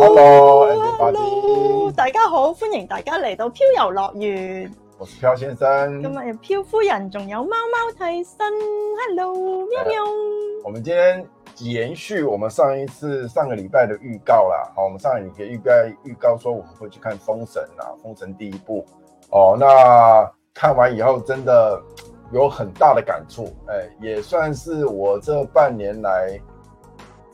Hello，Hello everybody，大家好，歡迎大家嚟到漂遊樂園。我是漂先生，今日有漂夫人，仲有貓貓泰森。Hello，喵喵，嗯。我們今天延續我們上一次上個禮拜的預告啦，好，我們上一個禮拜預告預告說我們會去看封神，啊《封神》啦，《封神》第一部。哦，那看完以後真的有很大的感觸，誒、哎，也算是我這半年來。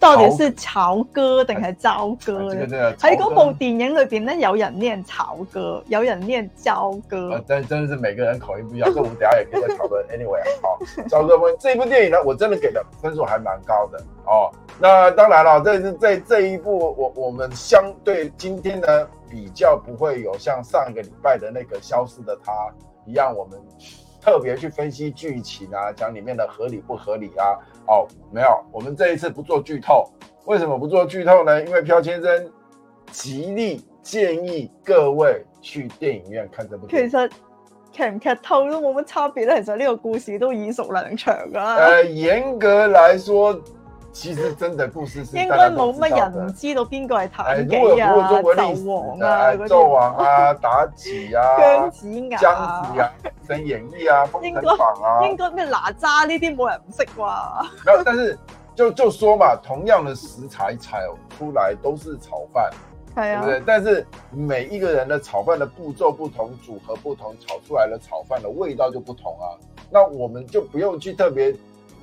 到底是朝歌定係昭歌呀？喺嗰、啊啊這個、部電影裏邊呢，有人念朝歌，有人念昭歌。真真的是每個人口音唔一樣，所以我們等下也可以再討論。 anyway，好，朝歌，問：這部電影呢，我真的給的分數還蠻高的哦、喔。那當然啦，這是在這，這，這一部，我我們相對今天呢，比較不會有像上一個禮拜的那個消失的她一樣，我們。特別去分析劇情啊，講裏面的合理不合理啊？哦，沒有，我們這一次不做劇透。為什麼不做劇透呢？因為漂先生極力建議各位去電影院看這部劇。其實劇唔劇透都冇乜差別啦，其實呢個故事都耳熟能詳噶啦。誒、呃，嚴格來說。其實真的故事是應該冇乜人知道邊個係妲己啊、紂、哎、王啊、紂王啊、妲己啊、姜子牙、啊、姜子牙、封神演義啊、封神榜啊，應該咩哪吒呢啲冇人唔識啩。冇，但是就就說嘛，同樣的食材炒出來都是炒飯，係啊 但是每一個人的炒飯的步驟不同，組合不同，炒出來的炒飯的味道就不同啊。那我們就不用去特別。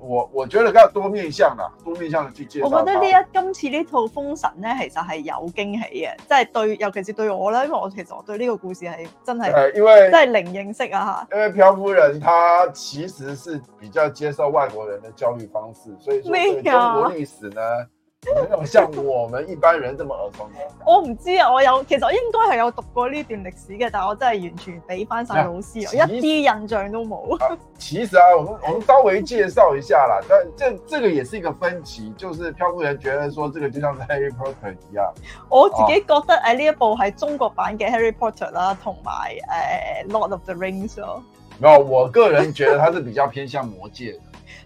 我我覺得佢要多面向的，多面向的去介紹。我覺得呢一今次呢套《封神》呢，其實是有驚喜嘅，即係對，尤其是對我啦。因為我其實我對呢個故事係真係，因為真係零認識啊吓。因為漂夫人，她其實是比較接受外國人的教育方式，所以說中國歷史呢，沒有像我們一般人這麼耳熟嘅。我唔知啊，我有其實我應該係有讀過呢段歷史嘅，但係我真係完全俾翻晒老師，實我一啲印象都冇。啊。其實啊，我們我們稍微介紹一下啦。 但這這個也是一個分歧，就是漂夫人覺得說這個就像《Harry Potter》一樣。我自己覺得誒，呢一部係中國版嘅《Harry Potter》啦，同埋誒《uh, Lord of the Rings、嗯》咯，以。我個人覺得它是比較偏向魔戒。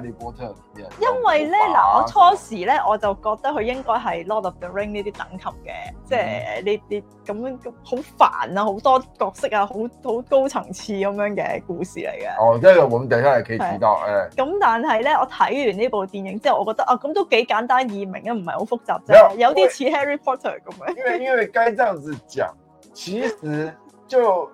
因為咧嗱，我初時咧我就覺得佢應該係 Lord of the Ring 呢啲等級嘅，即係呢啲咁好煩啊，好多角色啊，好好高層次咁樣嘅故事嚟嘅。哦，即係咁，呢個我等一下可以提到誒。咁、欸嗯、但係咧，我睇完呢部電影之後，我覺得啊，咁、哦、都幾簡單易明啊，唔係好複雜啫，有啲似 Harry Potter 咁。因為因為該這樣子講，其實就。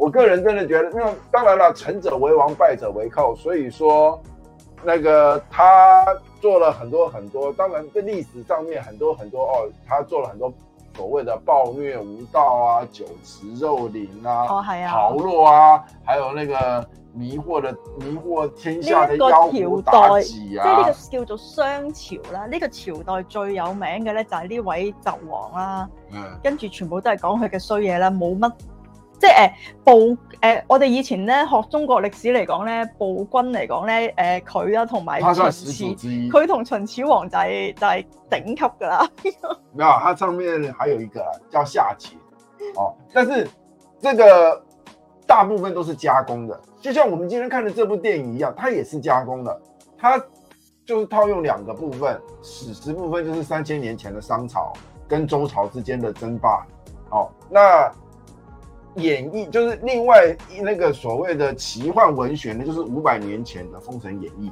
我個人真的覺得，因為當然了，成者為王，敗者為寇。所以說，那個他做了很多很多。當然，這歷史上面很多很多哦，他做了很多所謂的暴虐無道啊，酒池肉林啊，豪海、哦、啊，落啊，還有那個迷惑的迷惑天下的妖狐妲己啊。即係呢、哦啊、個叫做商朝啦，呢個朝代最有名嘅咧就係呢位紂王啦。嗯，跟住全部都係講佢嘅衰嘢啦，冇乜。即係誒、呃、暴誒、呃，我哋以前咧學中國歷史嚟講咧，暴君嚟講咧，誒佢啊同埋秦始，佢同秦始皇就係、就係、頂級噶啦。冇 啊，它上面還有一個、啊、叫夏桀，哦，但是這個大部分都是加工的，就像我們今天看的這部電影一樣，它也是加工的，它就是套用兩個部分，史實部分就是三千年前的商朝跟周朝之間的爭霸，哦，那。演繹就是另外那個所謂的奇幻文學呢，就是五百年前的《封神演義》，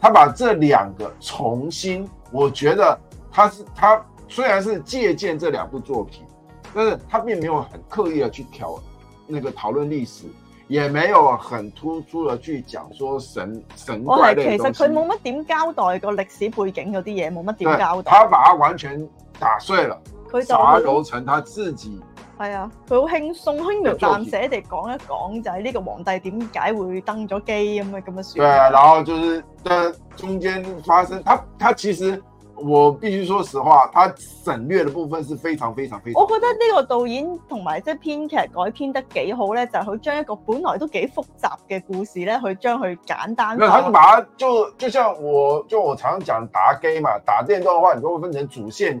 他把這兩個重新，我覺得他是他雖然是借鑒這兩部作品，但是他並沒有很刻意的去挑那個討論歷史，也沒有很突出的去講說神神怪的東西。哦，其實他冇乜點交代個歷史背景有啲嘢，冇乜點交代。他把它完全打碎了，把它揉成他自己。係啊，佢好、哎、輕鬆，輕描淡寫地講一講，就係呢個皇帝點解會登咗基咁嘅咁嘅事。對啊，然後就是即係中間發生，他他其實我必須說實話，他省略的部分是非常非常非常的。常。我覺得呢個導演同埋即係編劇改編得幾好咧，就係、是、佢將一個本來都幾複雜嘅故事咧，去將佢簡單化。很簡，就就像我就我常講打機嘛，打電動嘅話，你都會分成主線。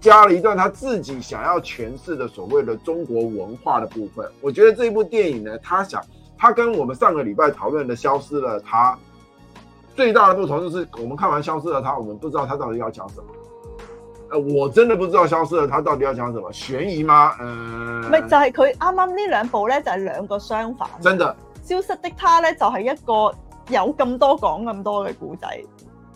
加了一段他自己想要詮釋的所謂的中國文化的部分。我覺得這一部電影呢，他想他跟我們上個禮拜討論的《消失了他》最大的不同就是，我們看完《消失了他》，我們不知道他到底要講什麼。呃，我真的不知道《消失了他》到底要講什麼，懸疑嗎？嗯，唔係，就係佢啱啱呢兩部呢，就係兩個相反。真的，《消失的他》呢，就係一個有咁多講咁多嘅古仔。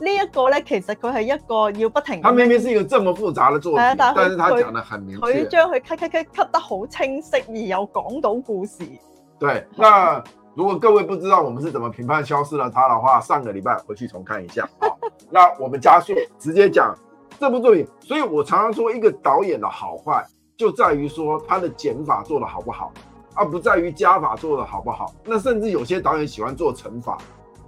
呢一個呢，其實佢係一個要不停的。他明明是一個這麼複雜的作品，啊、但，但是他講得很明確。佢將佢 cut cut cut cut 得好清晰而又講到故事。對，那 如果各位不知道我們是怎麼評判消失了他的話，上個禮拜回去重看一下。好， 那我們加速直接講這部作品。所以我常常說一個導演的好壞，就在於說他的減法做得好不好，而不在於加法做得好不好。那甚至有些導演喜歡做乘法。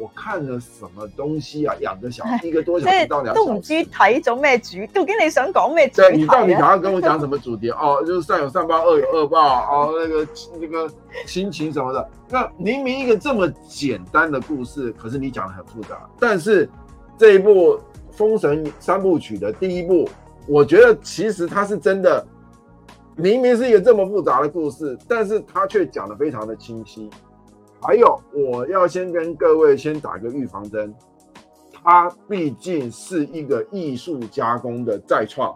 我看了什麼東西啊？兩個小時，一個多小時到兩個小時。都唔知睇咗咩主，究竟你想講咩？對你到底想要跟我講什麼主題？哦，就是善有善報，惡有惡報哦。那個、那個親情什麼的。那明明一個這麼簡單的故事，可是你講的很複雜。但是這一部《封神三部曲》的第一部，我覺得其實它是真的，明明是一個這麼複雜的故事，但是它卻講的非常的清晰。還有我要先跟各位先打個預防針，它畢竟是一個藝術加工的再創。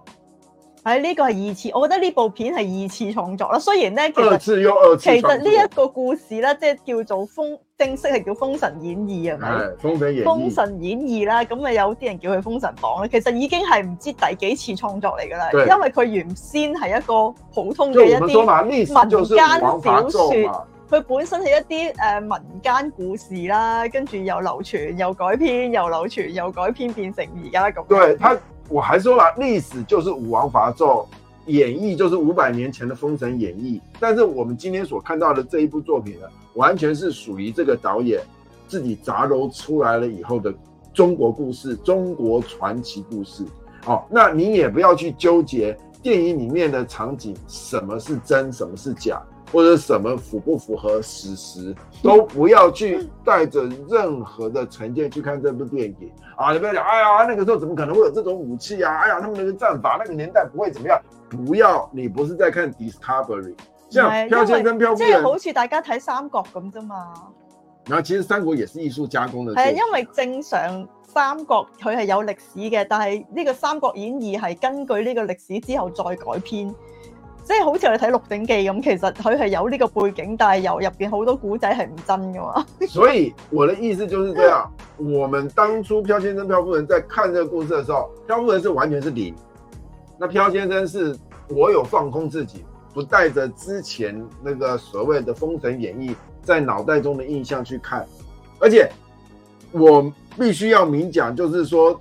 唉、哎，呢、這個係二次，我覺得呢部片係二次創作啦。雖然咧，其實二次又二次其實呢一個故事咧，即係叫做封正式係叫《封神演義》係封神演》《封神演義》啦，咁啊有啲人叫佢《封神榜》咧，其實已經係唔知第幾次創作嚟㗎喇，對因為佢原先係一個普通嘅一啲民間小說。佢本身係一啲誒、呃、民間故事啦，跟住又流傳，又改編，又流傳，又改編，變成而家咁。對，它我還說啦，歷史就是武王伐紂演繹，就是五百年前的《封神演義》，但是我們今天所看到的這一部作品呢，完全是屬於這個導演自己雜糅出來了以後的中國故事、中國傳奇故事。哦，那你也不要去糾結電影裏面的場景，什麼是真，什麼是假。或者什麼符不符合史實，都不要去帶着任何的成見去看這部電影啊！你不要講，哎呀，那個時候怎麼可能會有這種武器呀，啊？哎呀，他們那個戰法那個年代不會怎麼樣。不要，你不是在看 Discovery，像《漂》先生、為《漂》夫人，即係好似大家睇《三國》咁啫嘛。那其實《三國》也是藝術加工的，啊，係啊，因為正常《三國》佢係有歷史嘅，但係呢個《三國演義》係根據呢個歷史之後再改編。即係好似我哋睇《鹿鼎記》咁，其實佢係有呢個背景，但係又入邊好多古仔係唔真噶嘛。 所以我的意思就是這樣，我們當初漂先生、漂夫人在看這個故事的時候，漂夫人是完全是零，那漂先生是我有放空自己，不帶着之前那個所謂的《封神演義》在腦袋中的印象去看，而且我必須要明講，就是說。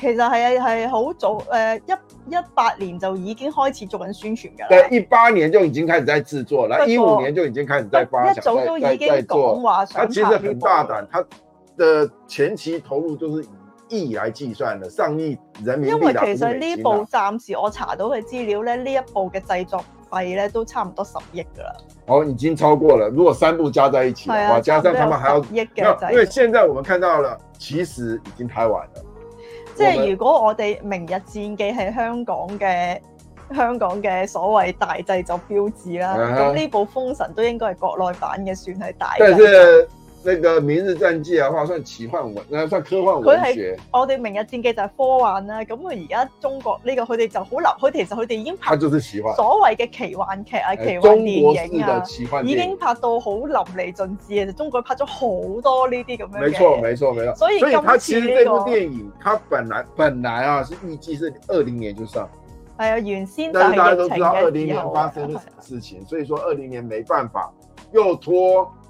其實係啊，係好早誒！一一八年就已經開始做緊宣傳噶啦。對，一八年就已經開始在製作了，一五年就已經開始在發展。一早就已經講話，佢其實很大膽，他的前期投入就是以億來計算的，上億人民。因為其實呢部暫時我查到嘅資料呢，呢一部嘅製作費呢都差唔多十億噶啦。哦，已經超過了。如果三部加在一起嘅話，加上他們還要，一個因為現在我們看到了，其實已經拍完了。即係如果我哋《明日戰記》係香港嘅香港嘅所謂大製作標誌啦，咁呢、uh huh. 部《封神》都應該係國內版嘅，算係大製作。那個《明日戰記》啊，話算奇幻文，算科幻文學。我哋《明日戰記》就係科幻啦、啊。咁佢而家中國呢個佢哋就好流。佢其實佢哋已經拍。佢就是奇幻。所謂嘅奇幻劇啊，奇幻電影啊，已經拍到好淋漓盡致啊！就中國拍咗好多呢啲咁樣嘅嘢。冇錯，冇錯，冇錯。所以、這個，所以佢其實呢部電影，佢本來本來啊，是預計是二零年就上。係啊、哎，原先。但係大家都知道二零年發生事情，的所以說二零年沒辦法，又拖。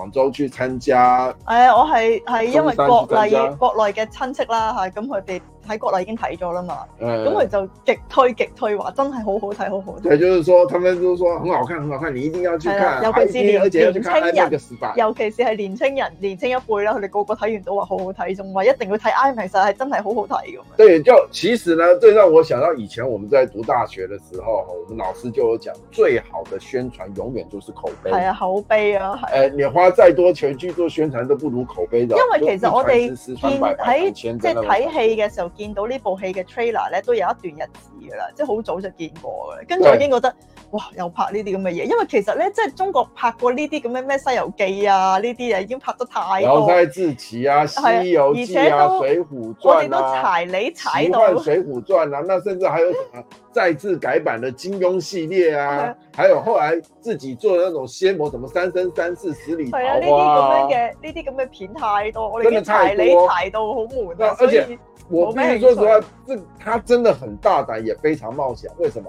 廣州去參加，誒，我係係因為國內國內嘅親戚啦，吓，咁佢哋。喺過啦，國內已經睇咗啦嘛。咁佢，嗯、就極推極推的，話真係好好睇，好好睇。對，就是說，他們就是說，很好看，很好看，你一定要去看 IMAX。尤其是年青人，尤其是係年青人，年青一輩啦，佢哋個個睇完都話好好睇，仲話一定要睇 IMAX，其實係真係好好睇咁。對，因為其實呢，最讓我想到以前我們在讀大學嘅時候，我們老師就有講，最好的宣傳永遠就是口碑。係啊，口碑啊，誒、呃，你花再多錢去做宣傳，都不如口碑的，因為其實我哋見喺，即係睇戲嘅時候。見到呢部戲嘅 trailer 咧，都有一段日子㗎喇，即係好早就見過㗎，跟住我已經覺得。哇！又拍呢啲咁嘅嘢，因為其實咧，即係中國拍過呢啲咁嘅咩《西遊記》啊，呢啲啊已經拍得太多。聊齋志異啊，《西遊記》啊，《水滸傳》啊，我哋都踩雷踩到。《水滸傳》啊，那甚至還有什麼再次改版的金庸系列啊，嗯，還有後來自己做嘅那種仙魔，什麼《三生三世十里桃花》啊，呢啲咁樣嘅，呢啲咁嘅片太多，太多我哋踩雷踩到好悶啊。而且所以我必須說實話，這他真的很大膽，也非常冒險。為什麼？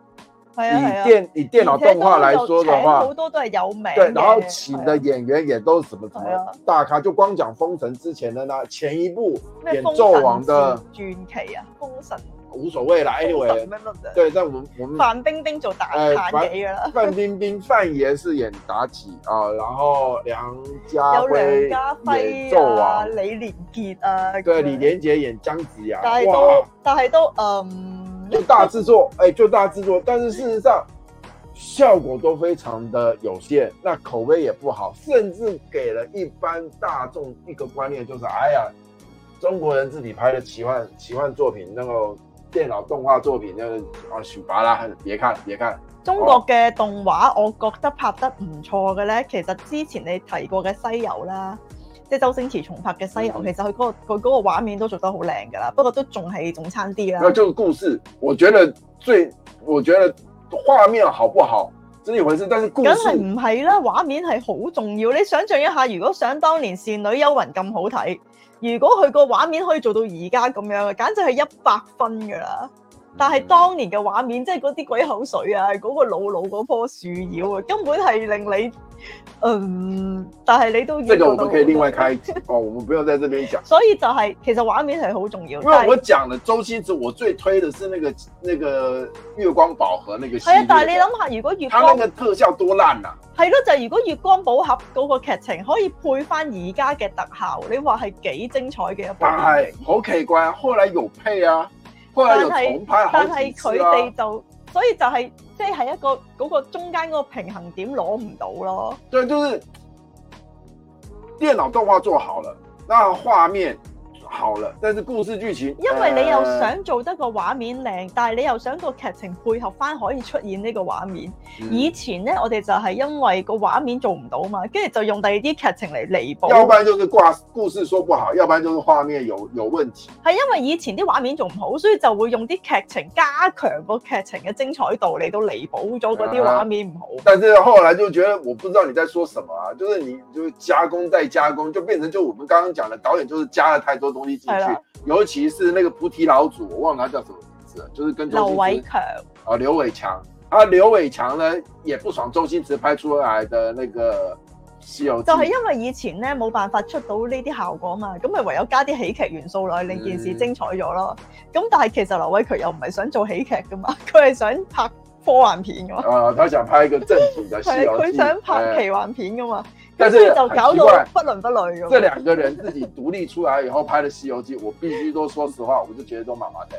以電以電腦動畫來說的話，好多都係有名。對，然後請的演員也都什麼什麼大咖，就光講封神之前的那前一部，演紂王的傳奇啊，封神。無所謂啦，哎呦喂，對，在我我。范冰冰做妲己噶，范冰冰，范爺是演妲己啊，然後梁家輝演紂王，李連杰啊，對，李連杰演姜子牙。但係都，但係都，嗯。就大製作，欸，就大製作，但是事實上效果都非常的有限，那口碑也不好，甚至給了一般大眾一個觀念，就是，哎呀，中國人自己拍的奇幻奇幻作品，那個電腦動畫作品，那個啊，全白啦，別看別看。中國嘅動畫，我覺得拍得唔錯嘅呢。其實之前你提過嘅《西遊》啦。即係周星馳重拍嘅《西遊》，其實佢嗰個佢嗰個畫面都做得好靚噶啦，不過都仲係仲差啲啦。嗱，就個故事，我覺得最，我覺得畫面好不好真係一回事，但係故事梗係唔係啦，畫面係好重要。你想象一下，如果想當年《倩女幽魂》咁好睇，如果佢個畫面可以做到而家咁樣，簡直係一百分噶啦。但係當年嘅畫面，嗯、即係嗰啲鬼口水啊，嗰、那個老老嗰棵樹妖啊，根本係令你，嗯，但係你都得，要，呢個我們可以另外開 哦，我們不要在這邊講。所以就係、是，其實畫面係好重要。因為我講嘅《是周星馳，我最推嘅是那個那個月光寶盒那個係啊，但係你諗下，如果月光，他那個特效多爛啊！係咯，就係、是、如果月光寶盒嗰個劇情可以配翻而家嘅特效，你話係幾精彩嘅一部？但係、哎、好奇怪、啊，後來有配啊。啊、但係，但係佢哋就，所以就係即係一個嗰、那個中間嗰個平衡點攞唔到咯。對，就是電腦動畫做好了，那畫面。好了，但是故事劇情，因為你又想做得個畫面靚，呃、但係你又想個劇情配合翻，可以出現呢個畫面。嗯、以前咧，我哋就係因為個畫面做唔到嘛，跟住就用第二啲劇情嚟彌補。要不然就是掛故事說不好，要不然就是畫面有有問題。係因為以前啲畫面仲唔好，所以就會用啲劇情加強個劇情嘅精彩度嚟到彌補咗嗰啲畫面唔好。但是後來就覺得，我不知道你在說什麼啊，就是你就加工再加工，就變成就我們剛剛講的導演，就是加了太多係啦，尤其是那個菩提老祖，我忘了他叫什麼名字，就是跟着劉偉強劉偉強啊，劉偉強啊，劉偉強呢，也不爽周星馳拍出來的那個西遊，就係因為以前呢冇辦法出到呢啲效果嘛，咁咪唯有加啲喜劇元素來令件事精彩咗咯。咁、嗯、但係其實劉偉強又唔係想做喜劇噶嘛，佢係想拍。科幻片噶嘛？啊， 他想拍一個正經的《西遊記》。係佢想拍奇幻片噶嘛？跟住是就搞到不倫不類咁。這兩個人自己獨立出來以後拍的《西遊記》， 我必須都說實話，我就覺得都麻麻地。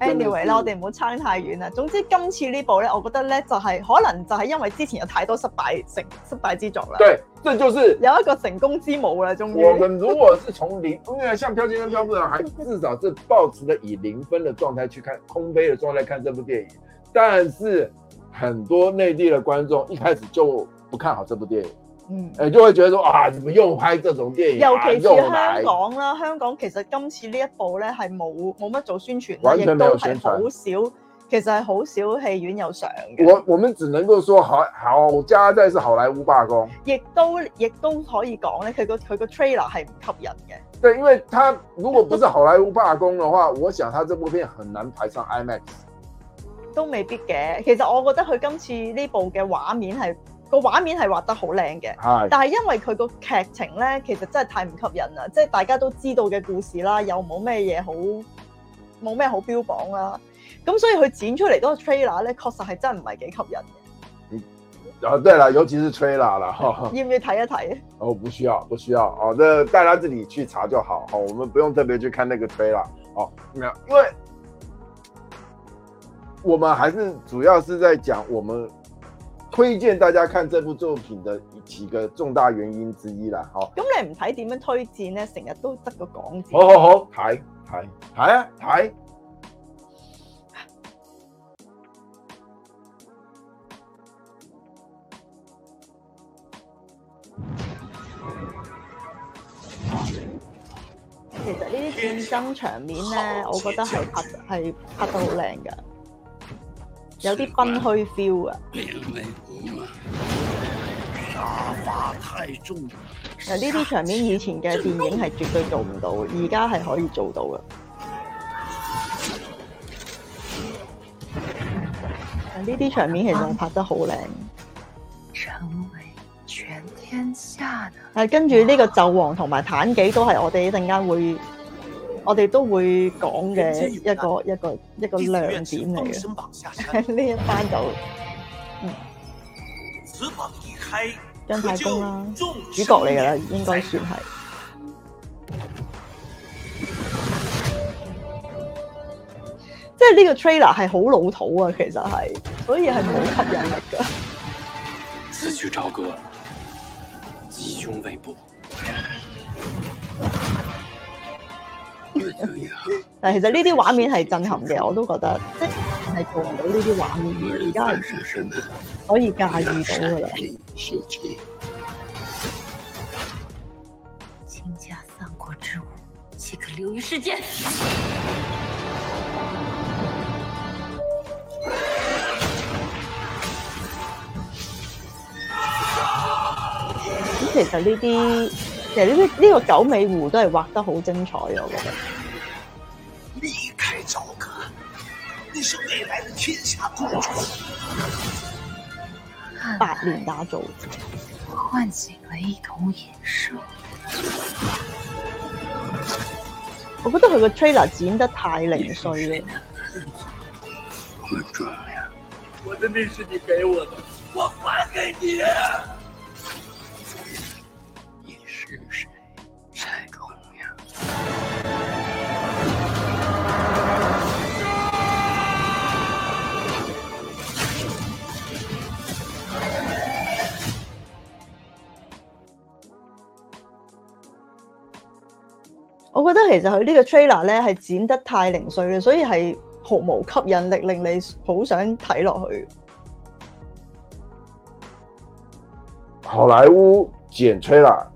Anyway，啦，我哋唔好差太遠啦。總之，今次部呢部咧，我覺得咧就係、是、可能就係因為之前有太多失敗成失敗之作啦。對，這就是有一個成功之母啦。終於，我們如果是從零， 因為像漂先生跟漂夫人一樣，還至少是保持咗以零分的狀態去看，空杯的狀態看這部電影。但是很多內地的觀眾一開始就不看好這部電影，嗯，哎、欸，就會覺得說啊，怎麼又拍這種電影啊，又嚟。尤其是香港啦，來香港其實今次呢一部咧，係冇冇乜做宣傳，完全沒有宣傳亦都係好少，其實係好少戲院有上嘅。我我們只能夠說好，好好加在是好萊塢罷工，亦都亦都可以講咧，佢個佢個 trailer 係唔吸引嘅。對，因為他如果不是好萊塢罷工的話，我想他這部片很難排上 IMAX。都未必嘅，其實我覺得佢今次呢部嘅畫面係個畫面係畫得好靚嘅，唉但係因為佢個劇情咧，其實真係太唔吸引啦，即係大家都知道嘅故事啦，又冇咩嘢好冇咩好標榜啦、啊，咁所以佢剪出嚟嗰個 trailer 咧，確實係真唔係幾吸引嘅。嗯、啊，啊對啦，尤其是 trailer 啦，呵呵要唔要睇一睇？哦，不需要，不需要，哦，大家自己去查就好，好，我們不用特別去看那個 trailer，哦，因為。我們還是主要是在講，我們推薦大家看這部作品的幾個重大原因之一啦。好，咁你唔睇點樣推薦咧？成日都得個講字。好好好，睇睇睇啊，睇。其實呢啲戰爭場面咧，我覺得係拍係拍得好靚噶。有啲崩虛 feel 啊！誒呢啲場面以前嘅電影係絕對做唔到，而家係可以做到噶。呢啲場面其實拍得好靚。成為全天下嘅。係、啊、跟住呢個紂王同埋妲己都係我哋一陣間會。我哋都會講嘅一個人一個一個亮點嚟嘅，呢 一班就嗯，有姜太公啦、啊，主角嚟㗎啦，應該算係。 即係呢個 trailer 係好老土啊，其實係，所以係冇吸引力㗎。 此 但其實呢啲畫面係震撼嘅，我都覺得，即係做唔到呢啲畫面，而家係可以駕馭到嘅。傾家三國之物，豈可流於世間，咁其實呢啲。其實呢個九尾狐都係畫得好精彩，我覺得。離開朝歌，你是未來的天下霸主。八年打造喚醒了一頭野獸。我覺得佢個 trailer 剪得太零碎了你是。我覺得其實佢呢個 trailer 咧，係剪得太零碎嘅，所以係毫無吸引力，令你好想睇落去。好萊塢剪 trailer。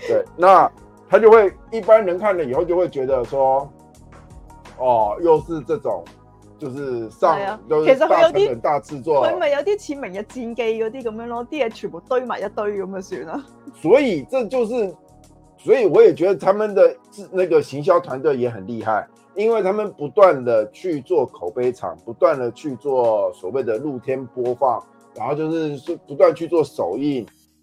對，那他就會一般人看了以後就會覺得說，哦，又是這種，就是上都 是大成本大製作，佢咪有啲似《明日戰記》嗰啲咁樣咯，啲嘢全部堆埋一堆咁就算啦。所以這就是，所以我也覺得他們的那個行銷團隊也很厲害，因為他們不斷的去做口碑場，不斷的去做所謂的露天播放，然後就是是不斷去做首映。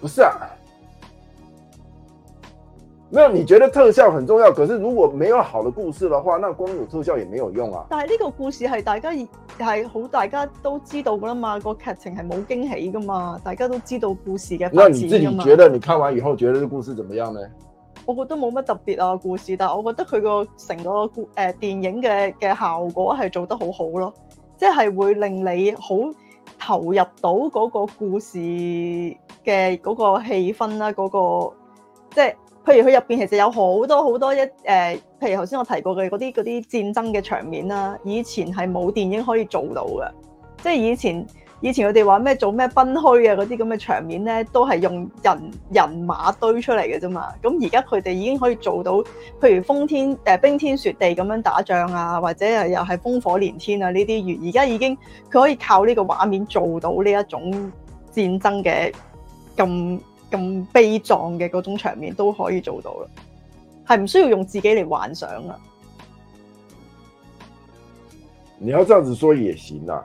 不是啊，那你覺得特效很重要？可是如果沒有好的故事的話，那光有特效也沒有用啊。但係呢個故事係大家係好，大家都知道噶啦嘛，個劇情係冇驚喜噶嘛，大家都知道故事嘅發展噶嘛。那你自己覺得，你看完以後覺得個故事怎麼樣呢？我覺得冇乜特別啊，故事，但係我覺得佢個成個誒電影嘅嘅，呃、效果係做得好好咯，即係會令你好。投入到嗰個故事嘅嗰個氣氛啦，嗰、嗰個即係譬如佢入邊其實有好多好多一誒、呃，譬如頭先我提過嘅嗰啲嗰啲戰爭嘅場面啦，以前係冇電影可以做到嘅，即係以前。以前佢哋話咩做咩賓虛啊嗰啲咁嘅場面咧，都係用人人馬堆出嚟嘅啫嘛。咁而家佢哋已經可以做到，譬如風天誒、呃、冰天雪地咁樣打仗啊，或者係又係烽火連天啊呢啲。而而家已經佢可以靠呢個畫面做到呢一種戰爭嘅咁咁悲壯嘅嗰種場面都可以做到啦，係唔需要用自己嚟幻想啊？你要這樣子說也行啊。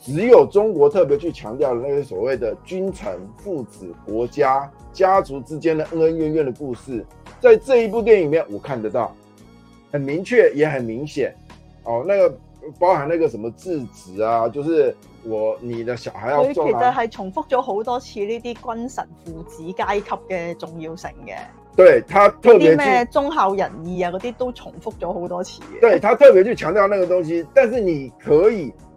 只有中國特別去強調的那些所謂的君臣、父子、國家、家族之間的恩恩怨怨的故事，在這一部電影裡面，我看得到，很明確，也很明顯。哦，那個包含那個什麼質子啊，就是我你的小孩要做啊。其實是重複咗好多次呢啲君臣、父子階級嘅重要性嘅。對，他特咩忠孝仁義啊嗰啲都重複咗好多次。對，他特別去強調那個東西，但是你可以。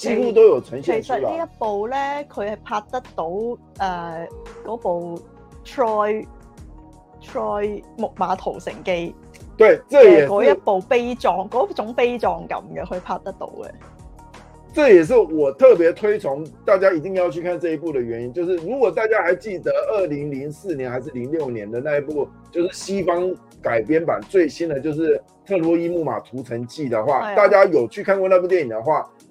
幾乎都有呈現出來。其實呢一部咧，佢係拍得到誒嗰部《Troy Troy 木馬屠城記》。對，即係嗰一部悲壯，嗰種悲壯感嘅佢拍得到嘅。這也是我特別推崇，大家一定要去看這一部的原因。就是如果大家還記得二零零四年還是零六年的那一部，就是西方改編版最新的，就是《特洛伊木馬屠城記》的話，大家有去看過那部電影的話。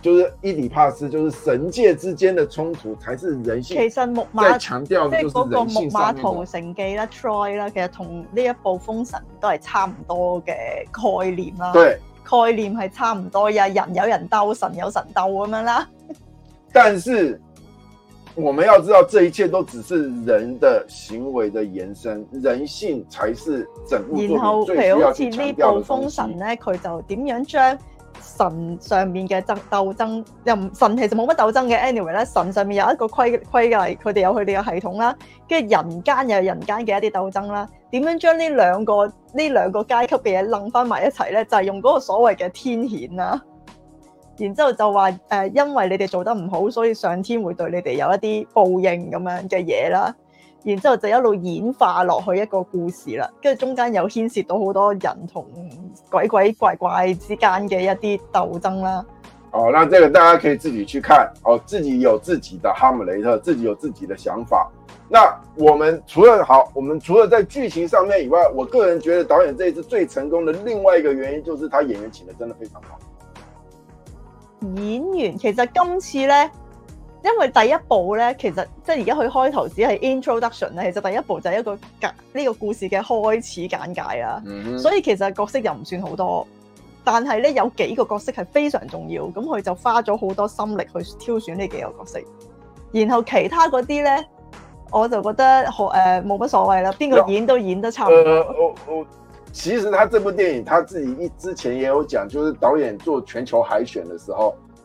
就是伊里帕斯，就是神界之間的衝突，才是人性。其實木馬強調，即係嗰個木馬屠城記啦、Troy 啦，其實同呢一部封神都係差唔多嘅概念啦。對，概念係差唔多呀，人有人鬥，神有神鬥咁樣啦。但是我們要知道，這一切都只是人的行為的延伸，人性才是整。然後，譬如好似呢部封神咧，佢就點樣將神上面嘅爭鬥爭，又神其實冇乜鬥爭嘅。anyway 咧，神上面有一個規規例，佢哋有佢哋嘅系統啦。跟住，人間又有人間嘅一啲鬥爭啦。點樣將呢兩個呢兩個階級嘅嘢攬翻埋一齊咧？就係、是、用嗰個所謂嘅天譴啦。然之後就話誒，因為你哋做得唔好，所以上天會對你哋有一啲報應咁樣嘅嘢啦。然之後就一路演化落去一個故事啦，跟住中間有牽涉到好多人同鬼鬼怪怪之間嘅一啲鬥爭啦。哦，那這個大家可以自己去看，哦，自己有自己的哈姆雷特，自己有自己的想法。那我們除了好，我們除了在劇情上面以外，我個人覺得導演這一次最成功的另外一個原因，就是他演員請得真的非常好。演員其實今次呢。因為第一部咧，其實即係而家佢開頭只係 introduction 咧，其實第一部就係一個呢、呢個故事嘅開始簡介啊。嗯、哼所以其實角色又唔算好多，但係咧有幾個角色係非常重要，咁佢就花咗好多心力去挑選呢幾個角色。然後其他嗰啲咧，我就覺得好誒冇乜所謂啦，邊個演都演得差唔多、呃、我、我。其實他這部電影，他自己一之前也有講，就是導演做全球海選嘅時候。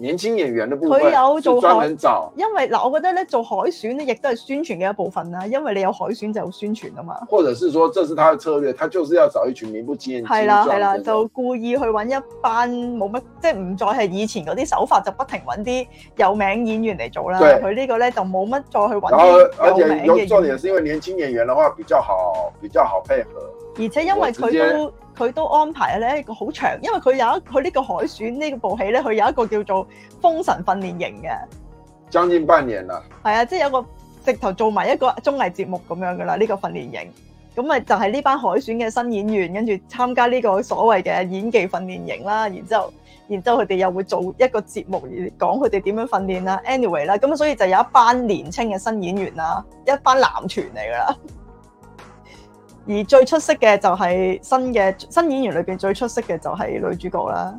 年輕演員的部分佢有做專門找，因為嗱，我覺得咧做海選咧亦都係宣傳嘅一部分啦，因為你有海選就宣傳啊嘛。或者是說，這是他的策略，他就是要找一群名不見人狀狀。係啦係啦，就故意去揾一班冇乜，即係唔再係以前嗰啲手法，就不停揾啲有名演員嚟做啦。佢對呢個咧就冇乜再去揾。然後而且有重點，是因為年輕演員嘅話比較好，比較好配合。而且因為佢時都佢都安排咧一個好長，因為佢有一佢呢個海選、這個、呢部戲咧，佢有一個叫做。封神訓練營嘅，將近半年啦，係啊，即係有個直頭做埋一個綜藝節目咁樣噶啦，呢、這個訓練營，咁咪就係呢班海選嘅新演員，跟住參加呢個所謂嘅演技訓練營啦，然之後，然之後佢哋又會做一個節目，講佢哋點樣訓練啦，anyway 啦，咁、anyway, 所以就有一班年青嘅新演員啦，一班男團嚟噶啦，而最出色嘅就係新嘅新演員裏邊最出色嘅就係女主角啦。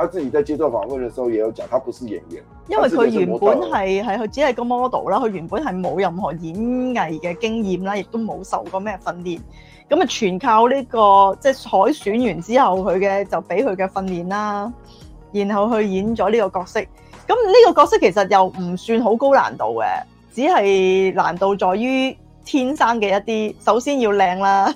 他自己在接受訪問的時候也有講，他不是演員，因為佢原本係係佢只係個 model 啦，佢原本係冇任何演藝嘅經驗啦，亦都冇受過咩訓練，咁啊全靠呢、這個即係、就是、海選完之後佢嘅就俾佢嘅訓練啦，然後去演咗呢個角色，咁呢個角色其實又唔算好高難度嘅，只係難度在於天生嘅一啲，首先要靚啦。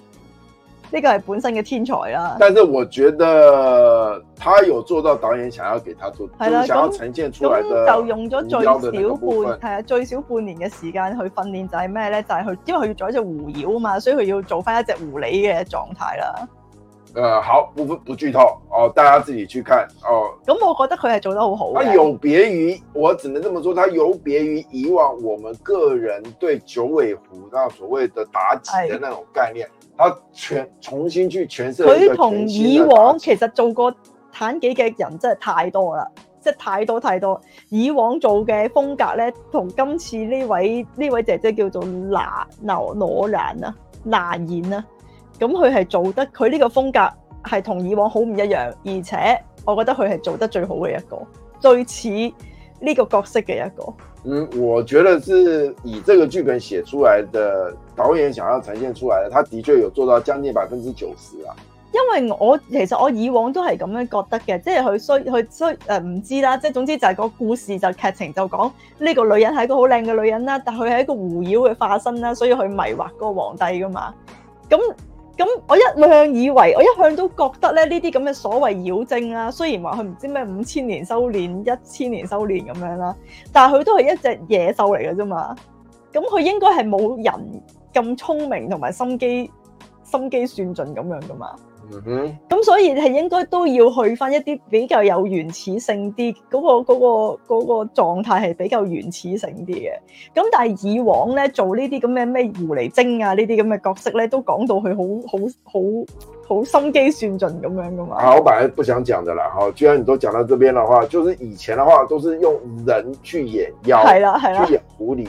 呢個係本身嘅天才啦，但是我覺得他有做到導演想要給他做，想要呈現出來的、的、呃嗯嗯嗯嗯。就用咗最少半，係啊最少半年嘅時間去訓練就係咩咧？就係、是、佢，因為佢要做一隻狐妖啊嘛，所以佢要做翻一隻狐狸嘅狀態啦。誒、呃，好，不不劇透哦，大家自己去看哦。咁、嗯、我覺得佢係做得好好。佢有別於我只能這麼說，佢有別於以往我們個人對九尾狐，嗱所謂的妲己嘅那種概念。佢同以往其實做過妲己嘅人真係太多啦，即係太多太多。以往做嘅風格咧，同今次呢位呢位姐姐叫做難難攞難啊娜然啊，咁佢係做得，佢呢個風格係同以往好唔一樣，而且我覺得佢係做得最好嘅一個，最似呢個角色嘅一個。嗯，我覺得是以這個劇本寫出來的。導演想要呈現出來的，他的確有做到將近百分之九十啊。因為我其實我以往都係咁樣覺得嘅，即係佢需佢需誒唔知啦，即係總之就係個故事就劇、是、情就講呢、這個女人係個好靚嘅女人啦，但佢係一個狐妖嘅化身啦，所以佢迷惑個皇帝噶嘛。咁咁我一向以為，我一向都覺得咧呢啲咁嘅所謂妖精啦、啊，雖然話佢唔知咩五千年修煉、一千年修煉咁樣啦，但係佢都係一隻野獸嚟嘅啫嘛。咁佢應該係冇人，咁聰明同埋心機，心機算盡咁樣噶嘛？咁，嗯哼，所以係應該都要去翻一啲比較有原始性啲嗰個嗰個嗰個狀態，係比較原始性啲嘅。咁但係以往咧做呢啲咁嘅咩狐狸精啊，呢啲咁嘅角色咧，都講到佢好好好好心機算盡咁樣噶嘛？啊，我本來不想講嘅啦，哈、哦！既然你都講到這邊嘅話，就是以前嘅話，都是用人去演妖，係啦係啦，去演狐狸。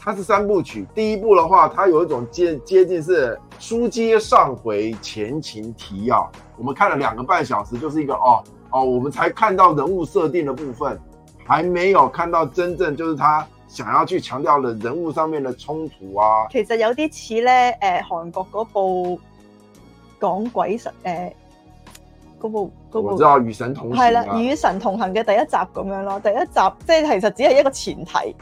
它是三部曲，第一部的話，它有一種接接近是書接上回，前情提要。我們看了兩個半小時，就是一個哦哦，我們才看到人物設定的部分，還沒有看到真正就是他想要去強調的人物上面的衝突啊。其實有啲似咧，誒、呃，韓國嗰部講鬼神誒，嗰、呃、部嗰部我知道與、啊《與神同行》係啦，《與神同行》嘅第一集咁樣咯，第一集即係其實只係一個前提。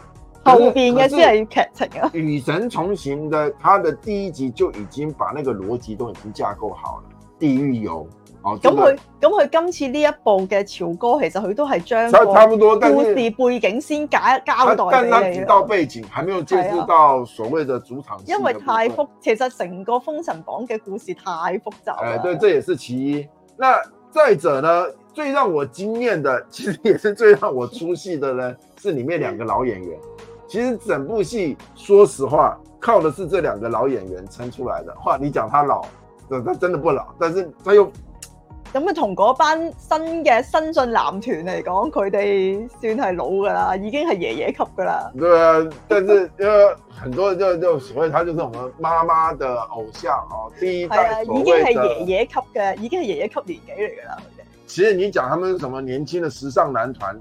後邊嘅先係劇情啊！與神同行的，他的第一集就已經把那個邏輯都已經架構好了。地獄遊，咁佢咁佢今次呢一部嘅朝歌其實佢都係將差不多，故事背景先解交代但嘢嘅。但他到背景，還沒有進入到所謂的主場的，因為太複，其實成個封神榜嘅故事太複雜了。誒、哎，對，這也是其一。那再者呢，最讓我驚艷的，其實也是最讓我出戲的呢 是裏面兩個老演員。其實整部戲，說實話，靠的是這兩個老演員撐出來的。話你講他老，那他真的不老，但是他又……咁樣同嗰班新的新晉男團來講，佢哋算係老噶啦，已經係爺爺級噶啦。對啊，但是因為很多就就，所以他就是我們媽媽的偶像啊。第一代的，係啊，已經係爺爺級嘅，已經係爺爺級年紀嚟噶啦。其實你講他們是什麼年輕的時尚男團？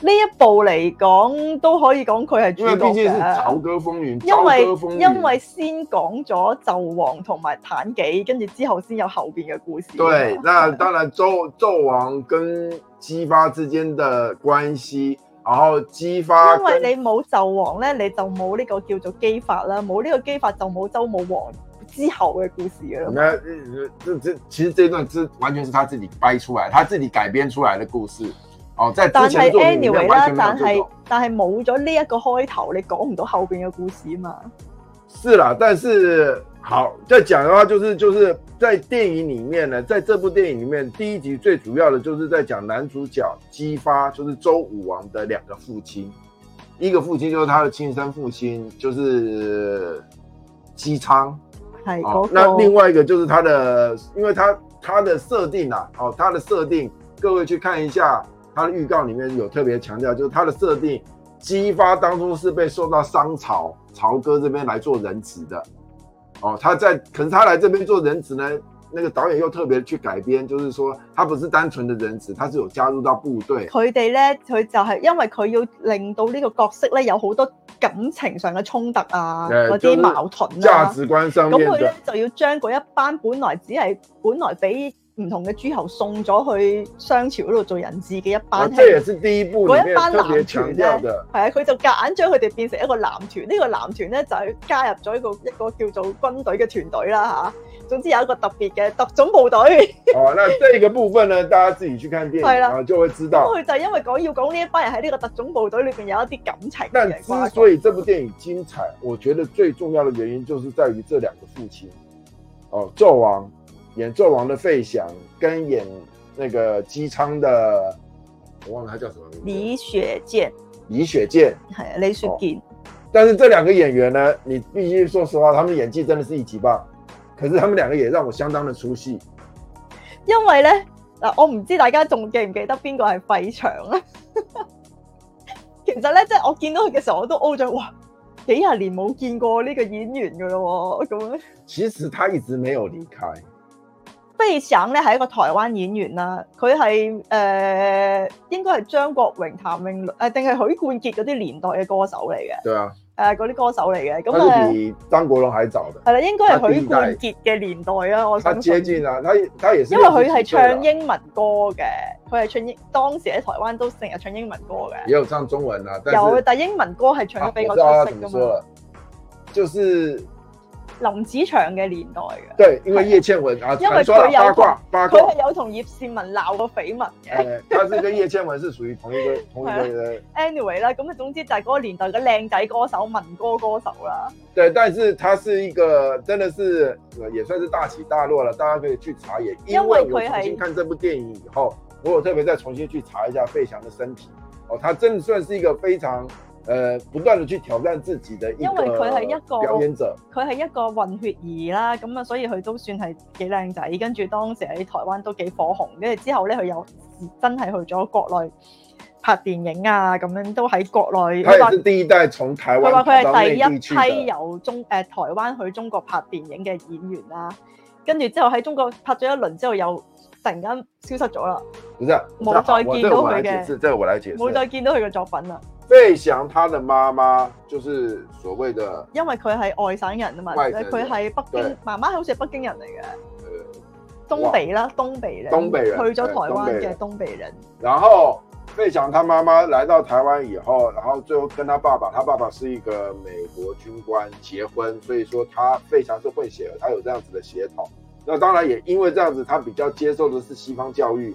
呢一部嚟講都可以講佢係主角嘅。因啲係《朝歌風雲》？因為因為先講咗紂王同埋妲己，跟住之後先有後邊嘅故事。對，那當然紂紂王跟姬發之間嘅關係，然後姬發因為你冇紂王咧，你就冇呢個叫做姬發啦，冇呢個姬發就冇周武王之後嘅故事嘅咯，嗯嗯。其實這段完全是他自己掰出來，他自己改編出來的故事。哦，在但係 anyway 啦，但係但係冇咗呢一個開頭，你講唔到後邊嘅故事嘛？是啦，但是好再講嘅話，就是就是在電影裏面呢，在這部電影裏面，第一集最主要的就是在講男主角姬發，就是周武王的兩個父親，一個父親就是他的親生父親，就是姬昌，係、那個哦。那另外一個就是他的，因為他他的設定啊，哦，他的設定，各位去看一下。他的預告裏面有特別強調，就是他的設定，姬發當初是被送到商朝朝歌這邊來做人質的。哦，他在可能他來這邊做人質呢，那個導演又特別去改編，就是說他不是單純的人質，他是有加入到部隊。佢哋咧，佢就係因為佢要令到呢個角色咧有好多感情上嘅衝突啊，嗰啲對矛盾啊，價值觀上面，咁佢就要將嗰一班本來只係本來俾。唔同嘅諸侯送咗去商朝嗰度做人質嘅一班，即係，係第一部，嗰一班男團咧，係啊，佢就夾硬將佢哋變成一個男團。呢個男團咧就係加入咗一個一個叫做軍隊嘅團隊啦吓。總之有一個特別嘅特種部隊。哦，那呢個部分呢，大家自己去看電影，就的、啊、就會知道。佢就因為講要講呢一班人喺呢個特種部隊裏邊有一啲感情。但係之所以這部電影精彩，我覺得最重要的原因就是在於這兩個父親，哦、啊，紂王。演紂王的費翔跟演那個姬昌的，我忘了他叫什麼名李李，李雪健，李雪健，係啊，李雪健。但是這兩個演員呢，你必須說實話，他們演技真的是一級棒。可是他們兩個也讓我相當的出戲，因為呢，嗱，我唔知大家仲記唔記得邊個係費翔啦？ 其實呢，即、就、係、是、我見到佢嘅時候，我都 O 咗，哇，幾廿年冇見過呢個演員噶咯、哦，咁樣。其實他一直沒有離開。費翔咧係一個台灣演員啦，佢係誒應該係張國榮、譚詠麟誒定係許冠傑嗰啲年代嘅歌手嚟嘅。對啊，誒嗰啲歌手嚟嘅。咁啊，佢比張國榮還早嘅。係啦，應該係許冠傑嘅年代啦。我覺得。他接近啦，他他也是。因為佢係唱英文歌嘅，佢係唱英，當時喺台灣都成日唱英文歌嘅。也有唱中文啊，有，但係英文歌係唱得比較出色㗎嘛。冇錯啦，冇錯啦，就是。林子祥嘅年代嘅，對，因為葉倩文啊，傳出八卦，八卦佢係有同葉倩文鬧過緋聞嘅。誒、哎，佢跟葉倩文是屬於同一個 同一個人。 anyway 啦，咁啊，總之就係嗰個年代嘅靚仔歌手、民歌歌手啦。對，但是佢是一個，真的是，也算是大起大落啦。大家可以去查一，因為我重新看這部電影以後，我有特別再重新去查一下費翔嘅身體。哦，佢真的算是一個非常。誒、呃，不斷去挑戰自己的一，因為佢係一個、呃、表演者，佢係一個混血兒啦，咁啊，所以佢都算係幾靚仔，跟住當時喺台灣都幾火紅，跟住之後咧，佢又真係去咗國內拍電影啊，咁樣都喺國內。佢係第一代從台灣，佢話佢係第一批由中誒、呃、台灣去中國拍電影嘅演員啦、啊，跟住之後喺中國拍咗一輪之後，又突然間消失咗啦，冇、啊啊、再見到佢嘅，即係我冇再見到佢嘅作品啦。費翔他的媽媽就是所謂的，因為佢係外省人啊嘛，佢係北京媽媽，對媽媽好似係北京人嚟嘅，呃、東北啦，哇東北東北人去咗台灣嘅東北人。然後費翔他媽媽來到台灣以後，然後最後跟他爸爸，他爸爸是一個美國軍官結婚，所以說他費翔是混血，他有這樣子的血統。那當然也因為這樣子，他比較接受的是西方教育。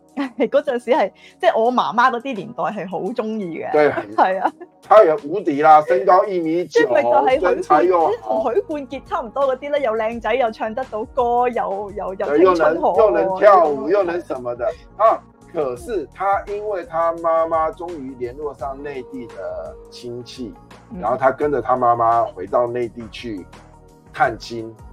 嗰陣 時係，即係我媽媽嗰啲年代係好中意嘅，係對 啊。他又無敵啦，身高一米九， 就係 好俊仔個。同許冠傑差唔多嗰啲咧，又靚仔，又唱得到歌，又又又青又能跳舞，又能什麼的 啊！可是他因為他媽媽終於聯絡上內地的親戚，然後他跟着他媽媽回到內地去探親。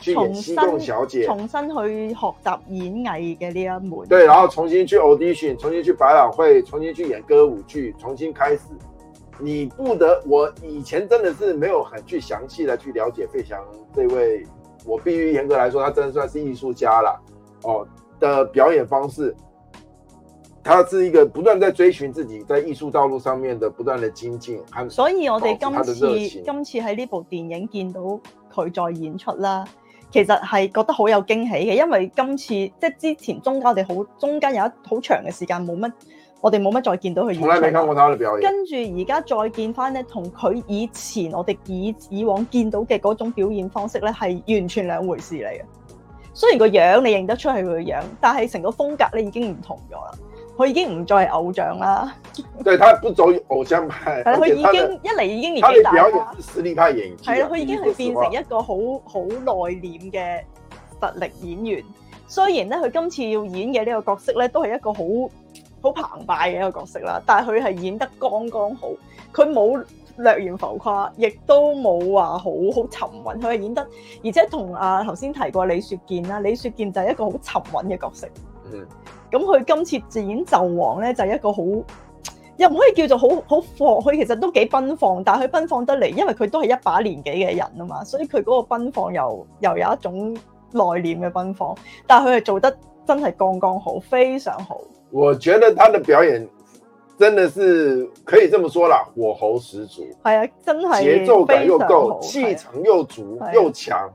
去演西貢小姐重、重新去學習演藝嘅呢一門。對，然後重新去 audition，重新去百老匯，重新去演歌舞劇，重新開始。你不得，我以前真的是沒有很去詳細的去了解費翔這位。我必須嚴格來說，他真算是藝術家了哦，的表演方式，他是一個不斷在追尋自己在藝術道路上面的不斷的精進。所以我哋今次的今次喺呢部電影見到佢在演出啦。其實係覺得好有驚喜嘅，因為今次即係之前中間我哋好中間有一好長嘅時間冇乜，我哋冇乜再見到佢演。冇跟住而家再見翻咧，同佢以前我哋以以往見到嘅嗰種表演方式咧，係完全兩回事嚟嘅。雖然個樣你認得出係佢嘅樣，但係成個風格咧已經唔同咗啦。佢已經唔再係偶像啦，對，他不走偶像派。佢 已經一嚟已經年紀大啦。他的表演是實力派演技。係啦，佢已經係變成一個好好內斂嘅實力演員。 雖然咧，佢今次要演嘅呢個角色咧，都係一個好好澎湃嘅一個角色啦。但係佢係演得剛剛好，佢冇略顯浮誇，亦都冇話好好沉穩。佢係演得，而且同啊頭先提過李雪健啦，李雪健就係一個好沉穩嘅角色。嗯。咁佢今次演紂王咧，就係、是、一個好，又唔可以叫做好好放，佢其實都幾奔放，但係佢奔放得嚟，因為佢都係一把年紀嘅人啊嘛，所以佢嗰個奔放又又有一種內斂嘅奔放，但係佢係做得真係剛剛好，非常好。我覺得他的表演真的是可以這麼説啦，火候十足，係啊，真係節奏感又夠，氣場又足又強。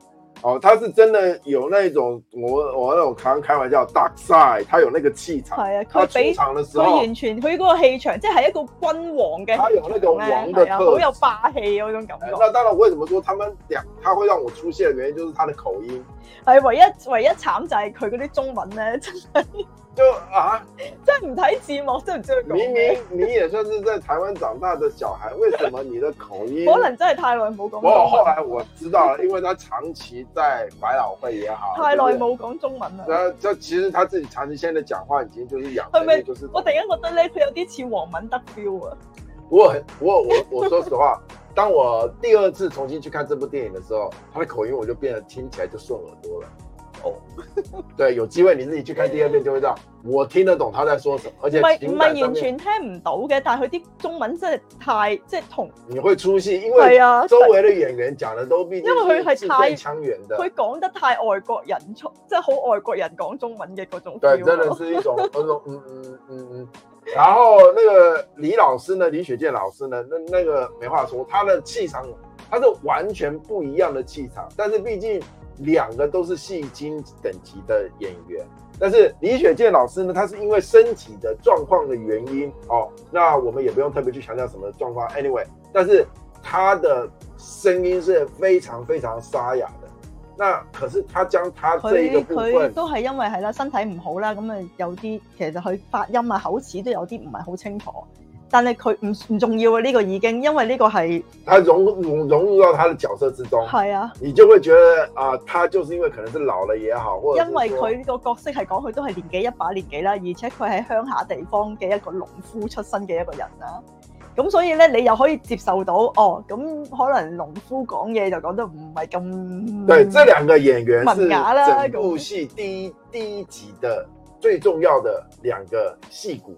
哦，他是真的有那種我我那種開玩笑，dark side，他有那個氣場，係啊，佢出場的時候，佢完全佢嗰個氣場，即係一個君王嘅，佢有那個王嘅、啊，好有霸氣嗰種感覺。那當然，我為什麼說他們兩，他會讓我出現嘅原因，就是他的口音。係，唯一唯一慘就係佢嗰啲中文咧，真係。 就啊，真係唔睇字幕都唔知佢講。明明你也算是在台灣長大的小孩，為什麼你的口音？ 可能真係太耐冇講。我後來我知道了，因為他長期在百老匯也好，太耐冇講中文了吧其實他自己長期現在講話已經就是養成了，就是，是，不是我突然間覺得咧佢有啲似黃文德 feel 啊。不過我我我，我說實話，當我第二次重新去看這部電影的時候，他的口音我就變得聽起來就順耳朵了。Oh. 對，有機會你自己去看第二遍就會知道，我聽得懂他在說什麼。而且，唔係唔係完全聽唔到嘅，但係佢啲中文真係太即係同你會出戲，因為周圍的演員講的對都畢竟是因為佢係太腔圓的，佢講得太外國人，即係好外國人講中文嘅嗰種感覺。對，真的是一種， 嗯嗯嗯嗯嗯。然後那個李老師呢，李雪健老師呢，那那個沒話說，他的氣場，他是完全不一樣的氣場，但是畢竟。兩個都是戲精等級的演員，但是李雪健老師呢，他是因為身體的狀況的原因哦，那我們也不用特別去強調什麼狀況。Anyway，但是他的聲音是非常非常沙啞的。那可是他將他，這一個他，他都是因為係啦，身體唔好啦，咁啊有啲，其實佢發音啊，口齒都有啲唔係好清楚。但係佢唔唔重要啊，呢、這個已經，因為呢個係，佢融融入到他嘅角色之中，係啊，你就會覺得啊、呃，他就是因為可能是老了也好，或者因為佢呢說個角色係講佢都係年紀一把年紀啦，而且佢喺鄉下地方嘅一個農夫出身嘅一個人啦，咁所以咧你又可以接受到哦，咁、嗯、可能農夫講嘢就講得唔係咁，對，即兩個演員文雅啦，整部戲第一第一集嘅，最重要的兩個戲骨。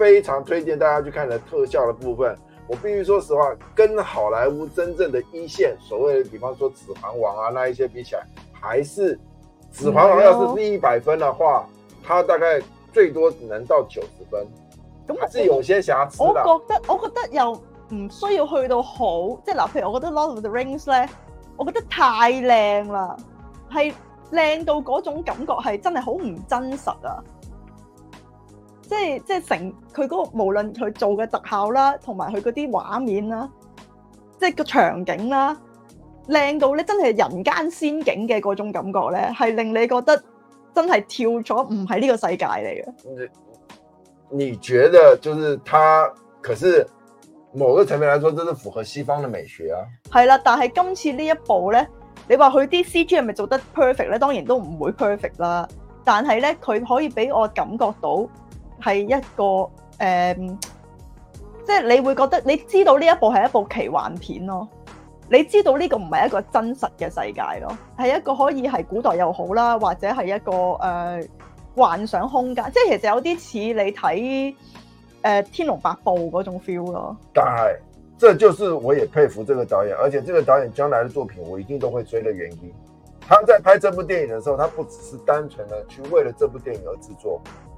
非常推薦大家去看的特效的部分。我必須說實話，跟好萊塢真正的一線所謂，比方說《指環王》啊，那一些比起來，還是《指環王》要是是一百分的話，它大概最多只能到九十分。咁還是有些瑕疵。我我覺得，我覺得又唔需要去到好，即係嗱，譬如我覺得《Lord of the Rings》咧，我覺得太靚啦，係靚到嗰種感覺係真係好唔真實啊。即係即係成佢嗰個，無論佢做嘅特效啦，同埋佢嗰啲畫面啦，即係個場景啦，靚到咧真係人間仙境嘅嗰種感覺咧，係令你覺得真係跳咗唔喺呢個世界嚟嘅。你你覺得就是，佢可是某個層面來說，真係符合西方嘅美學啊。係啦，但係今次呢一部咧，你話佢啲 CG 係咪做得 perfect 咧？當然都唔會 perfect 啦。但係咧，佢可以俾我感覺到。係一個誒、嗯，即係你會覺得你知道呢一部係一部奇幻片咯，你知道呢個唔係一個真實嘅世界咯，係一個可以係古代又好啦，或者係一個誒、呃、幻想空間，即係其實有啲似你睇誒、呃《天龍八部》嗰種 feel 咯。但係，這就是我也佩服這個導演，而且這個導演將來的作品我一定都會追嘅原因。他在拍這部電影嘅時候，他不只是單純的去為了這部電影而製作。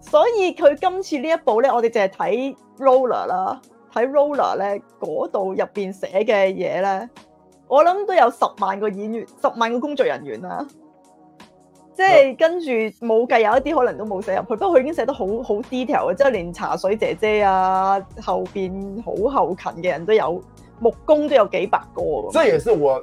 所以佢今次呢一部咧，我哋淨係睇 roller 啦，睇 roller 咧嗰度入邊寫嘅嘢咧，我諗都有十萬個演員，十萬個工作人員啦，即係跟住冇計有一啲可能都冇寫入去。不過佢已經寫得好好 detail 啊，即係連茶水姐姐啊，後邊好後勤嘅人都有木工都有幾百個。即係也是我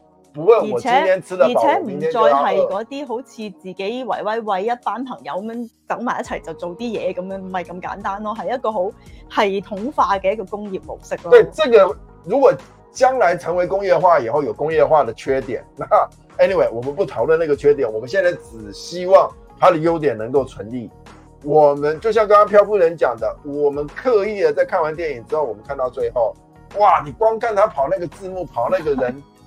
不問我今天吃，而且而且唔再係嗰啲好似自己為為為一班朋友咁走埋一齊就做啲嘢咁樣，唔係咁簡單咯、哦，係一個好系統化嘅一個工業模式咯。對，這個如果將來成為工業化以後有工業化的缺點，那 anyway，我們不討論那個缺點，我們現在只希望它的優點能夠存立。我們就像剛剛漂夫人講的，我們刻意的在看完電影之後，我們看到最後，哇！你光看他跑那個字幕，跑那個人。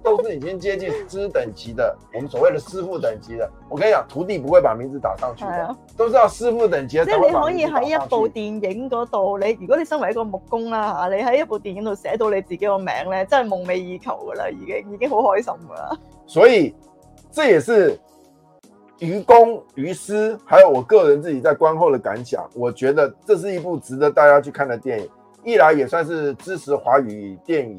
都是已經接近師等級的，我們所謂的師傅等級的。我跟你講，徒弟不會把名字打上去的，是啊、都知道師傅等級的。即係你可以喺一部電影嗰度，你如果你身為一個木工啦、啊、吓，你喺一部電影度寫到你自己個名呢，真係夢寐以求噶啦，已經已經好開心噶啦。所以這也是於公於私，還有我個人自己在觀後的感想，我覺得這是一部值得大家去看的電影。一來也算是支持華語電影。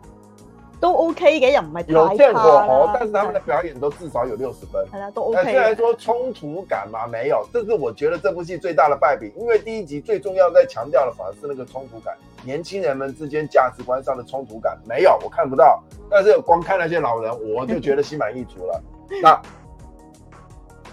都 OK 嘅，又唔係太差。有啲火候，但是他們的表演都至少有六十分。係啦，都 OK。但雖然說衝突感嘛，啊，沒有，這是我覺得這部戲最大的敗筆。因為第一集最重要在強調的，反而是那個衝突感，年輕人們之間價值觀上的衝突感，沒有，我看不到。但是光看那些老人， 我就覺得心滿意足了。那。